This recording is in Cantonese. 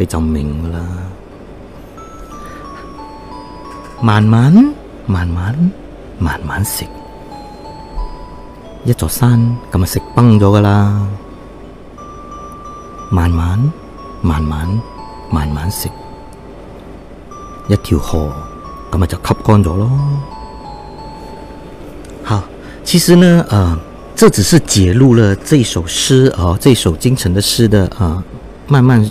你就明啦，慢慢慢慢慢慢食，一座山咁啊食崩咗噶啦，慢慢慢慢慢慢食，一條河咁咪就吸乾咗咯。好，其實呢，啊、呃，這只是節錄了這首詩哦、呃，這首金城的詩的啊、呃，慢慢。